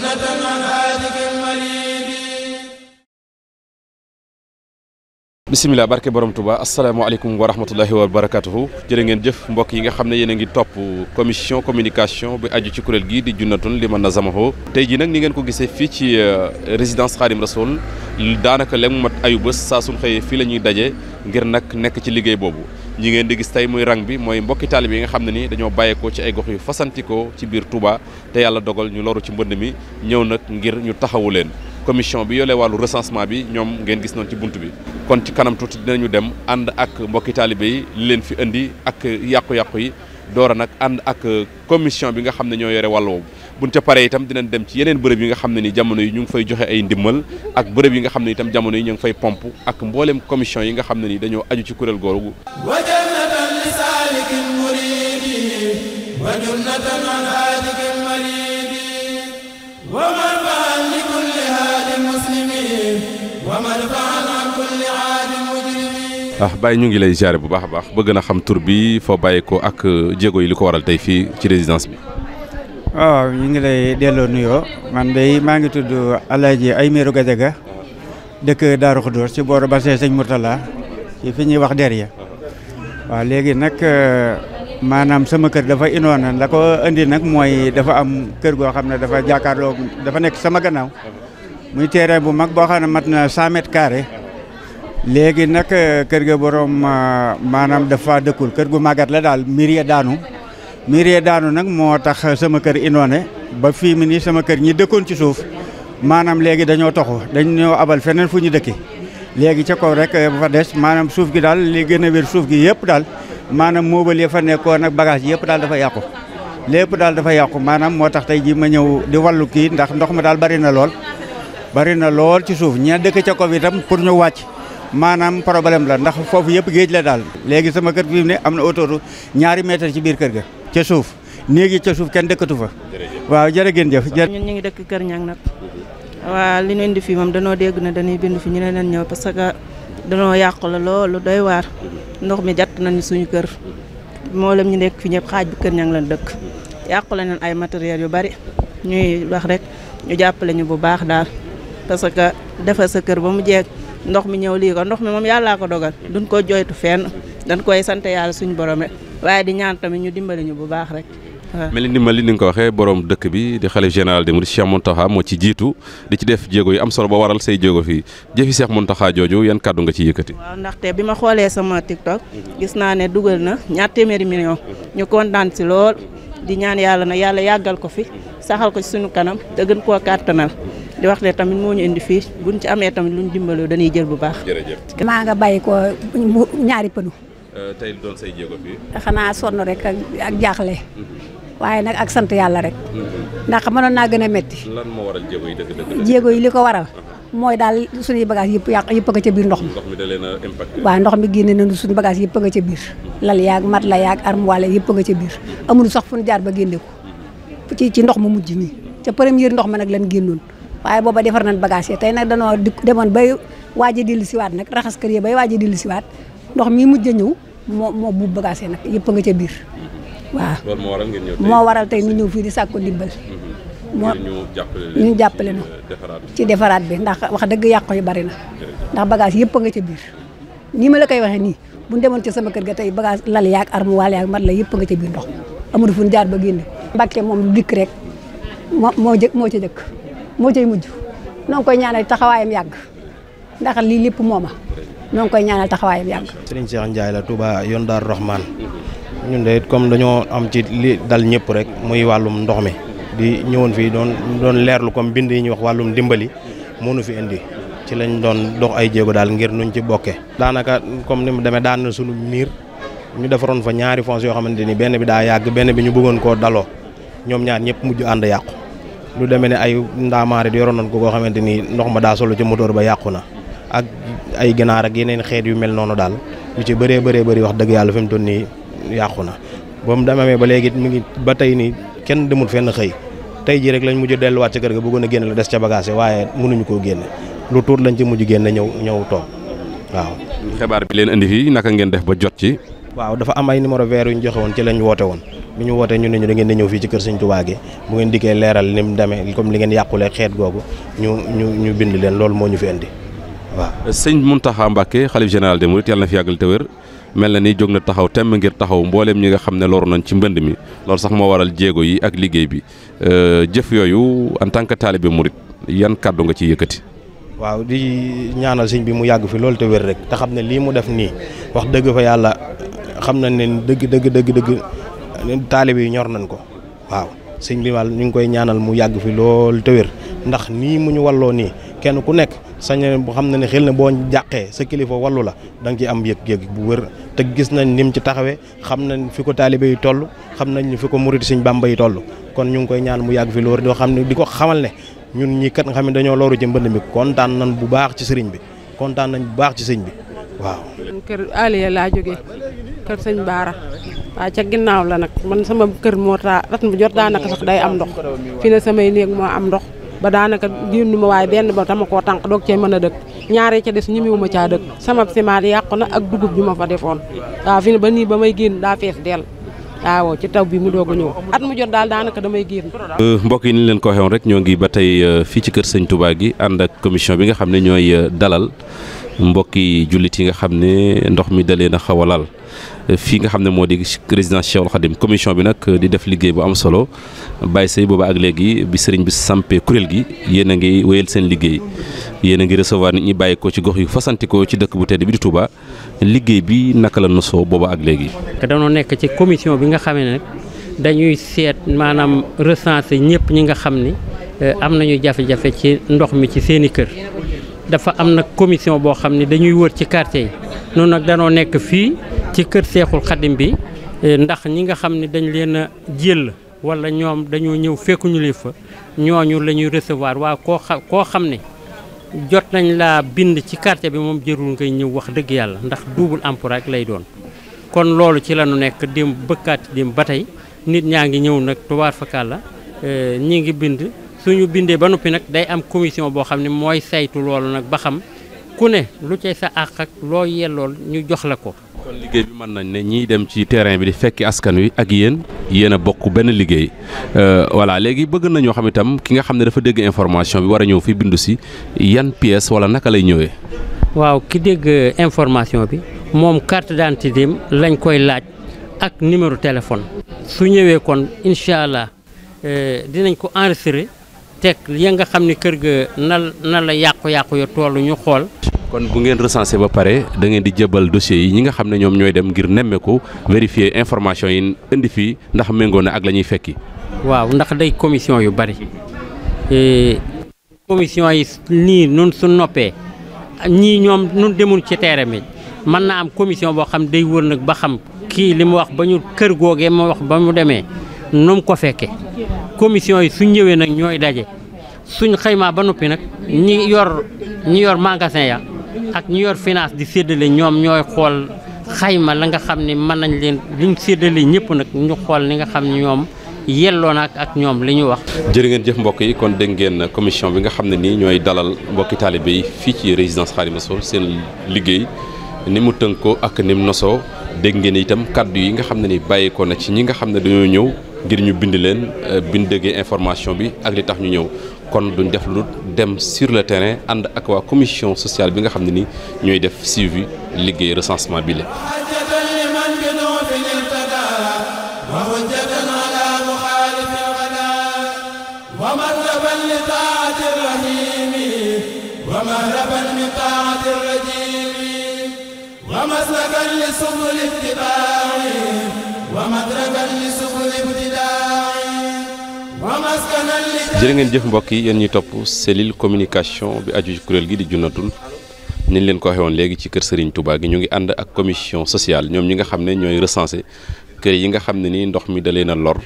sunnatan bisimilah barke borom Touba asalaamaaleykum wa rahmatullahi wa barakatuhu jërë ngeen jëf mbokk yi nga xam ne yéen a ngi topp commission communication bi aju ci kuréel gi di junnatun liman nazamaho tey ji nag ni ngeen ko gisee fii ci euh, résidence Khadim Rasoul daanaka lem mat ayu bés saa suñ xëyee fii la ñuy daje ngir nag nekk ci liggéey boobu ñi ngeen di gis tey muy rang bi mooy mbokki taalibe yi nga xam ne ni dañoo bàyyeekoo ci ay gox yu fasantikoo ci biir Touba dogal ñu loru ci mbënd mi ñëw nag ngir ñu taxawu leen commission bi yore wàllu recensement bi ñoom ngeen gis noonu ci bunt bi kon ci kanam tuuti dinañu dem ànd ak mbokki taalibe yi li leen fi indi ak yàqu-yàqu yi door a nag ànd ak commission bi nga xam ne ñoo yore wàll woowu buñ ca paree itam dinañ dem ci yeneen bërëb yi nga xam ne ni jamono yi ñu ngi fay joxe ay ndimmal ak bërëb yi nga xam ne itam jamono yi ñu ngi fay pompe ak mbooleem commission yi nga xam ne ni dañoo aju ci kuréel googu wa ah Baye ñu ngi lay ziare bu baax a baax bëgg na xam tur bi foo bàyyi ko ak euh, jéego yi li ko waral tey fii ci résidence bi. Ah, ñu ngi lay delloo nuyoo man day maa ngi tudd Alaaji Aymeeru Gajaga dëkk Daaru Xudoor ci booru Basse Sëñ Murtala ci fi ñuy wax der yi waaw léegi nag euh, maanaam sama kër dafa indoon la ko indi nag mooy dafa am kër goo xam ne dafa jàkkaarloo dafa nekk sama gannaaw. muy terrain bu mag boo xam ne mat na 100 mètres carrés léegi nag euh, kër ga borom euh, maanaam dafa dëkkul kër gu màggat la daal mirie daanu mirie daanu nag moo tax sama kër inondé ba fii mi nii sama kër ñi dëkkoon ci suuf maanaam léegi dañoo toxu dañoo abal feneen fu ñu dëkki léegi ca kaw rek ba euh, fa des maanaam suuf gi daal li gën a wér suuf gi yëpp daal maanaam moobal ya fa nekkoo nag bagage yëpp daal dafa yàqu lépp daal dafa yàqu maanaam moo tax tey ji ma ñëw di wallu kii ndax ndox ma daal bari na lool bari na lool ci suuf ña dëkk ca kaw itam pour ñu wàcc maanaam problème la ndax foofu yëpp géej la daal léegi sama kër fi mu ne am na autoroute ñaari mètre ci biir kër ga ca suuf néegi ca suuf kenn dëkkatu fa waaw jërë ngeen jëf ñun ñu ngi dëkk Kër Ñang nag waaw li ñu indi fii moom danoo dégg na dañuy bind fi ñu ne leen ñëw parce que danoo yàqu la loolu doy waar ndox mi jàtt nañu suñu kër moo lam ñu nekk fi ñëpp xaaj bi Kër Ñang lan dëkk yàqu la nañ ay matériel yu bari ñuy wax rek ñu jàppale bu baax daal parce que defar sa kër ba mu jeeg ndox mi ñëw lii ko ndox mi moom yàllaa ko dogal duñ ko joytu fenn dañ koy sant yàlla suñu borom rek waaye di ñaan tamit ñu dimbali ñu bu baax rek waaw mel ni dimbali ni nga ko waxee borom dëkk bi di xalif général des mourides Cheikh Mountakha moo ci jiitu di ci def jéego yi am solo ba waral say jéego fii jëfi Cheikh Mountakha jooju yan kàddu nga ci yëkkati. waaw ndaxte bi ma xoolee sama TikTok gis naa ne dugal na ñaar téeméeri million ñu kontaan si lool di ñaan yàlla na yàlla yàggal ko fi saxal ko ci suñu kanam te gën koo kàttanal di wax ne tamit moo ñu indi fii bu buñ ci amee tamit luñ dimbaloo dañuy jël bu baax. maa nga bàyyi ko ñaari pënu. Euh, tey lu doon xanaa sonn rek ak jaaxle. Mm-hmm. waaye nag ak sant yàlla rek. Mm-hmm. ndax mënoon naa gën a métti. jéego yi li ko waral. Uh-huh. mooy daal suñuy bagage yëpp yàq yëpp nga ca biir ndox mi. ndox mi da na a impacté. waaw ndox suñu bagage yëpp nga ca biir. Mm-hmm. lal yaag mat la yaag armoire yëpp nga ca biir. amul sax fu ñu jaar ba génne ko. ci ci ndox mu mujj nii. ca première ndox ma nag lan génnoon waaye booba defar nañ bagage yi tey nag danoo demoon bay waaj a dellu siwaat nag raxas kër yi bay waaj a dellu siwaat ndox mi mujj a ñëw moo moo buub bagage nag yëpp nga ca biir waaw waral tey moo ñëw fii di sàkku ndimbal mm-hmm. moo ñu jàppale euh, ci defaraat bi ndax wax dëgg yàqu yu bari na ndax bagage yëpp nga ca biir nii ma la koy waxee nii bu demoon ci sama kër ga tey bagage lal yaak yaag armoire yaag mat la yëpp nga ca biir ndox amul fu ñu jaar ba génne Mbàkke moom dikk rek moo moo moo ca jëkk moo cay mujj noo ngi koy ñaanal taxawaayam yàgg ndax lii lépp mooma noo ngi koy ñaanal taxawaayam yàgg. Serigne Cheikh Ndiaye la Touba yoon Daaru Rahman ñun de comme dañoo am ci li dal ñëpp rek muy wàllum ndox mi di ñëwoon fii doon doon leerlu comme bind yi ñuy wax wàllum dimbali mënu fi indi ci lañ doon dox ay jéego daal ngir nuñ ci bokkee. daanaka comme ni mu demee daan na sunu miir ñu defaroon fa ñaari fonds yoo xamante ni benn bi daa yàgg benn bi ñu bëggoon koo daloo ñoom ñaar ñëpp mujj ànd yàqu. lu demee ne ay ndaamaare di yoroon nañ ko koo xamante ni ndox ma daa solo ci moteur ba yàqu na ak ay ganaar ak yeneen xeet yu mel noonu daal lu ci bëree bëree bëri wax dëgg yàlla fi mu toll nii yàqu na ba mu demee ba léegi mu ngi ba tey nii kenn demul fenn xëy tey jii rek lañ mujj delluwaat ca kër ga bëggoon a génn la des ca bagage waaye mënuñu koo génne lu tuut lañ ci mujj génn ñëw ñëw toog waaw. xibaar bi leen indi fii naka ngeen def ba jot ci. waaw dafa am ay numéro vert yu ñu joxe woon woote woon. bi ñu wootee ñu ne ñu da di ñëw fii ci kër sëñ Tuubaa gi bu ngeen dikkee leeral ni mu demee comme li ngeen yàqulee xeet googu ñu ñu ñu bind leen loolu moo ñu fi indi waaw. sëñ Mountakha Mbacké xalif général de mourides yàlla na fi yàggal te wér mel na ni jóg na taxaw temm ngir taxaw mbooleem ñi nga xam ne loru nañ ci mbënd mi lool sax moo waral jéego yi ak liggéey bi euh, jëf yooyu en tant que taalibe murit yan kàddu nga ci yëkkati. waaw di ñaanal sëñ bi mu yàgg fi loolu te wér rek te xam ne lii mu def nii wax dëgg fa yàlla xam na ne dëgg dëgg dëgg dëgg taalibe yi ñor nañ ko waaw sëñ bi wàll ñu ngi koy ñaanal mu yàgg fi lool te wér ndax nii mu ñu walloo nii kenn ku nekk sañ bu xam na ne xel ne boo jàqee sa kilifa wallu la da nga am yëg-yëg bu wér te gis nañ nim ci taxawee xam nañ fi ko taalibe yi toll xam nañ fi ko murid sëñ Bàmba yi toll kon ñu ngi koy ñaan mu yàgg fi lool doo xam ne di ko xamal ne ñun ñi kat nga xam ne dañoo looru ci mbënd mi kontaan nañ bu baax ci sëriñ bi kontaan nañ bu baax ci sëñ bi waaw. waaw ca ginnaaw la nag man sama kër moo taa at mu jot daanaka sax day am ndox fi ne samay néeg moo am ndox ba daanaka génn ma waaye benn ba dama koo tànk doog cee mën a dëkk ñaaree ca des ñemewuma caa dëkk sama simaat yàqu na ak dugub bi ma fa defoon waaw ba nii ba may génn daa fees dell waaw ci taw bi mu doog a ñëw at mu jot daal daanaka damay génn. Euh, mbokk yi ni leen ko waxee rek ñoo ngi ba tey euh, fii ci kër sëñ Touba gi ànd ak commission bi nga xam ne ñooy euh, dalal mbokki jullit yi nga xam ne ndox mi dalee na xaw a laal fii nga xam ne moo di résidence Cheikhoul Khadim commission bi nag di def liggéey bu am solo bàyyi say booba ak léegi bi sëriñ bi sampee kuréel gi yéen a ngi wéyal seen liggéey yéen a ngi recevoir nit ñi bàyyi ko ci gox yu fasantikoo ci dëkk bu tedd bi di Touba liggéey bi naka la nosoo booba ak léegi. danoo nekk ci commission bi nga xamee ne dañuy seet maanaam recenser ñëpp ñi nga xam ni eh, am nañu jafe-jafe ci ndox mi ci seeni kër dafa am na commission boo xam ne dañuy wër ci quartier yi nekk fii. ci kër seexul xadim bi eh, ndax ñi nga xam ne dañ leen a jël wala ñoom dañoo ñëw fekkuñu li fa ñooñu lañuy ñuy recevoir waa koo xa koo xam ne jot nañ laa bind ci quartier bi moom jërul ngay ñëw wax dëgg yàlla ndax duubul emploi rek lay doon. kon loolu ci la ñu nekk démb bëkkaati démb ba tey nit ñaa ngi ñëw nag tubaar fakal la eh, ñi ngi bind suñu bindee ba noppi nag day am commission boo xam ne mooy saytu loolu nag ba xam ku ne lu cay sa àq ak loo yellool ñu jox kon liggéey bi mën nañ ne ñiy dem ci terrain bi di fekki askan wi ak yéen yéen bokk benn liggéey euh, voilà léegi bëgg nañoo xam itam ki nga xam ne dafa dégg information bi war a ñëw fi bindu si yan pièce wala naka lay ñëwee. waaw ki dégg information bi moom carte d'identité lañ koy laaj ak numéro téléphone. su ñëwee kon incha allah euh, dinañ ko enregistrer teg ya nga xam ne kër ga na na la yàqu-yàqu ya toolu ñu xool. kon bu ngeen recensé ba pare da ngeen di jëbal dossiers yi ñi nga xam ne ñoom ñooy dem ngir nemmeeku vérifier information yi indi fii ndax méngoon na ak la ñuy fekki. waaw ndax day commission yu bari e, commission yi nii nun su noppee ñii ñoom nun demul ci terrain bi mën naa am commission boo xam day wër nag ba xam kii li mu wax ba ñu kër googee ma wax ba mu demee nu mu ko fekke commission yi suñ ñëwee nag ñooy daje suñ xëymaa ba noppi nag ñi yor ñi yor magasin ya ak ñu yor finance di séddale ñoom ñooy xool xayma la nga xam ni mën nañ leen liñ séddale ñëpp nag ñu xool ni nga xam ni ñoom yelloo na ak ñoom li ñu wax. jërë ngeen jëf mbokk yi kon dégg ngeen commission bi nga xam ne nii ñooy dalal mbokki taalibe yi fii ci résidence Khadimou sol seen liggéey ni mu tënkoo ak ni mu nosoo dégg ngeen itam kàddu yi nga xam ne ni bàyyeekoo na ci ñi nga xam ne dañoo ñëw. ngir ñu bind leen euh, biñ déggee information bi ak li tax ñu ñëw kon duñ def lu dem sur le terrain ànd ak waa commission sociale bi nga xam ne ni ñooy def suivi liggéey recensement bi la. jërë ngeen jëf mbokk yi yéen ñuy topp cellule communication bi aju ci kuréel gi di junnatul ni ñu leen ko waxee woon léegi ci kër Serigne Touba gi ñu ngi ànd ak commission sociale ñoom ñi xam ne ñooy recensé kër yi nga xam ne ni ndox mi da leen a lor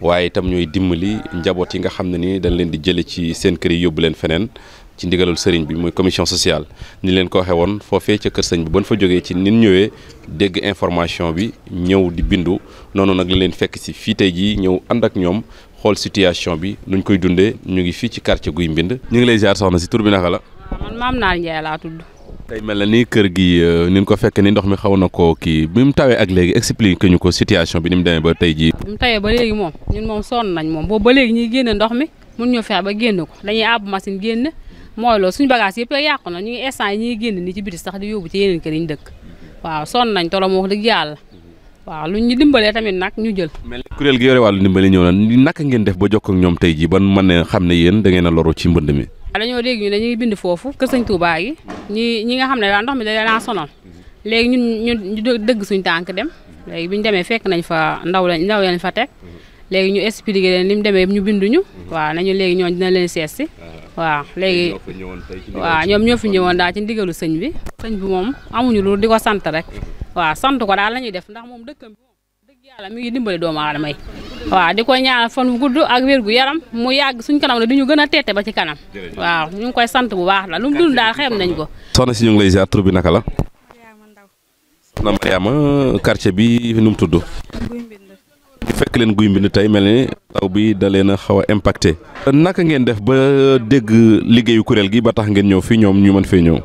waaye itam ñooy dimbali njaboot yi nga xam ne ni dañ leen di jële ci seen kër yi yóbbu leen feneen ci ndigalul Serigne bi muy commission sociale ni leen ko waxee woon foofee ca kër sëñ bi ban fa jógee ci nin ñëwee dégg information bi ñëw di bindu noonu nag la leen fekk si fii tey jii ñëw ànd ak ñoom xool situation bi nuñ koy dundee ñu ngi fii ci quartier guy mbind ñu ngi lay ziar soxna si tur bi naka la. man maam naar Ndiaye laa tudd. tey mel na ni kër gi euh, ni ko fekk ni ndox mi xaw na ko kii bi mu tawee ak léegi expliqué ñu ko situation bi ni mu demee ba tey jii. bi mu tawee ba léegi moom ñun moom sonn nañ moom boobu ba léegi ñuy génne ndox mi mun ñu fexe ba génn ko dañuy àbb machine génn mooy loolu suñu bagage yëpp yàqu na ñu ngi instant yi ñuy génn nii ci biti sax di yóbbu ci yeneen kër yi ñu dëkk waaw sonn nañ tolo mo wax dëgg yàlla waaw lu ñu dimbalee tamit nag ñu jël. mel kuréel gi yore wàllu ndimbali ñëw na naka ngeen def ba jokkoo ak ñoom tey jii ban mën ne xam ne yéen da ngeen a loru ci mbënd mi. waaw dañoo dañuy bind foofu kër sëñ Touba yi ñi ñi nga xam ne daal mi da leen a sonal léegi ñun ñun ñu dëgg suñ tànk dem léegi bi ñu demee fekk nañ fa ndaw lañ ndaw fa teg léegi ñu expliqué leen li mu demee ñu binduñu waaw nañu léegi ñooñu dina leen sees si waaw léegi waaw ñoom ñoo fi ñëwoon daal ci ndigalu sëñ bi sëñ bi moom amuñu lu di ko sant rek waaw sant ko daal la def ndax moom dëkkam bi moom dëgg yàlla mi ngi dimbali doomu aadama yi di koy ñaanal fan wu gudd ak wér gu yaram mu yàgg suñ kanam ne du ñu gën a teete ba ci kanam waaw ñu ngi koy sant bu baax la lu mu dund daal xeeb nañ ko soxna si ñu ngi lay ziar tur bi naka la soxna Mariama quartier bi nu mu tudd di fekk leen guy mbind tey mel ni taw bi da leen a xaw a impacté naka ngeen def ba dégg liggéeyu kuréel gi ba tax ngeen ñëw fii ñoom ñu mën fee ñëw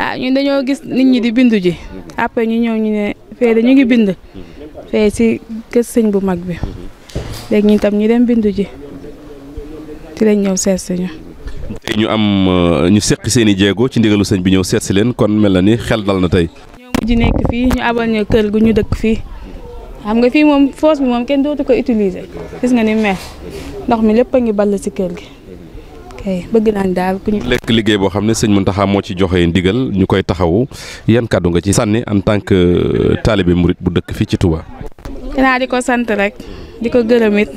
ah ñun dañoo gis nit ñi di bindu ji après ñu ñëw ñu ne fee dañu ngi bind fee si kër sëñ bu mag bi léegi ñu tam ñu dem bindu ji ci lañ ñëw seet si ñu. tey ñu am euh, ñu seq seen i jéego ci ndigalu sëñ bi ñëw seet si leen kon mel na ni xel dal na tey. ñoo mujj nekk fii ñu abal ñu kër gu ñu dëkk fii xam nga fii moom foos bi moom kenn dootu ko utilise gis nga ni mel ndox mi lépp a ngi ball ci kër gi. bëgg naa daal ku ñu. lekk liggéey boo xam ne sëñ Mountakha moo ci joxe ndigal ñu koy taxawu yan kàddu nga ci sànni en tant que euh, taalibe murit bu dëkk fii ci Touba. dinaa di ko sant rek di ko gërëm it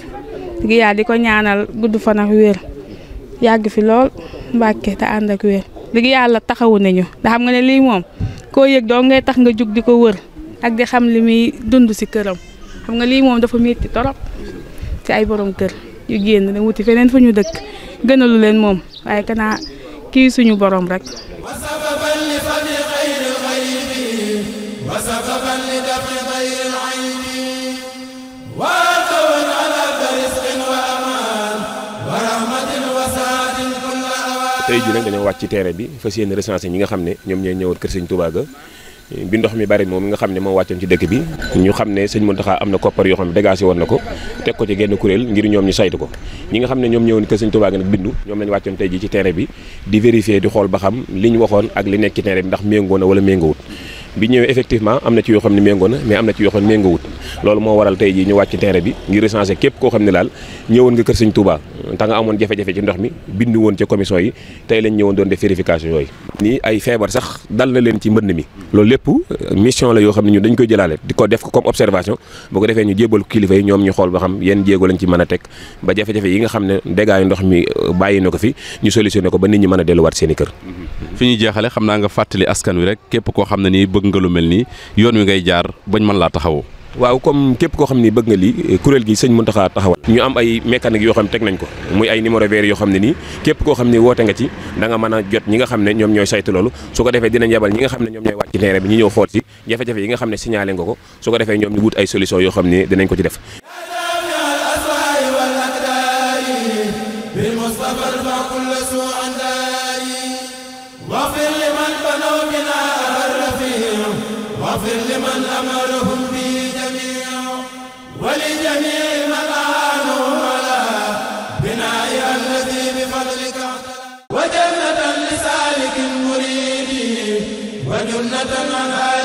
gi yaa di ko ñaanal gudd fan ak fi lool mbàkke te ànd ak wér yàlla taxawu nañu ndax xam nga ne lii moom koo yëg doo ngay tax nga jug di ko wër ak di xam li muy dund si këram xam nga lii moom dafa metti torop ci ay borom kër yu génn da wuti feneen fu ñu dëkk gënalu leen moom waaye kanaa kii suñu borom rek. tey jii nag dañoo wàcc ci terrain bi fas yéene recensé ñi nga xam ne ñoom ñooy ñëwoon kër sëñ Touba ga bi ndox mi bari moom mi nga xam ne moo wàccoon ci dëkk bi ñu xam ne sëñ Muntaxa am na koppar yoo xam ne dégagé woon na ko teg ko ci genn kuréel ngir ñoom ñu saytu ko ñi nga xam ne ñoom ñëwoon kër sëñ Tuubaa nag bindu ñoom lañ wàccoon tey ji ci terrain bi di vérifier di xool ba xam li ñu waxoon ak li nekk ci terrain bi ndax méngoo na wala méngoowut bi ñëwee effectivement am na ci yoo xam ne méngoo na mais am na ci yoo xam ne méngoowut loolu moo waral tey jii xam ne daal ñëwoon nga mi bindu woon ca commission yi tey na ci euh, la yoo xam ne ñu dañ koy jëlaale di ko def ko comme observation bu ko defee ñu jébal kilifa yi ñoom ñu xool ba xam yenn jéego lañ ci mën a teg ba xam ne dégâts euh, a delluwaat seen bëgg nga lu mel nii yoon wi ngay jaar bañ mën laa taxawoo. waaw comme képp koo xam ni bëgg nga lii eh, kuréel gi sëñ Mountakha taxawal. ñu am ay mécanique yoo xam teg nañ ko muy ay numéro vert yoo xam ne nii képp koo xam ni woote nga ci da mën a jot ñi nga xam ne ñoom ñooy saytu loolu su ko defee dinañ yebal ñi nga xam ne ñoom ñooy wàcc ci bi ñu ñëw xool ci jafe-jafe yi nga xam ne signalé nga ko su ko defee ñoom ñu wut ay solution yoo xam ne dinañ ko ci def واغفر لمن بنوا بنا الرفيع واغفر لمن أمرهم به جميع ولجميع من أعانوا على بنائها الذي بفضلك وجنة لسالك مريد وجنة عن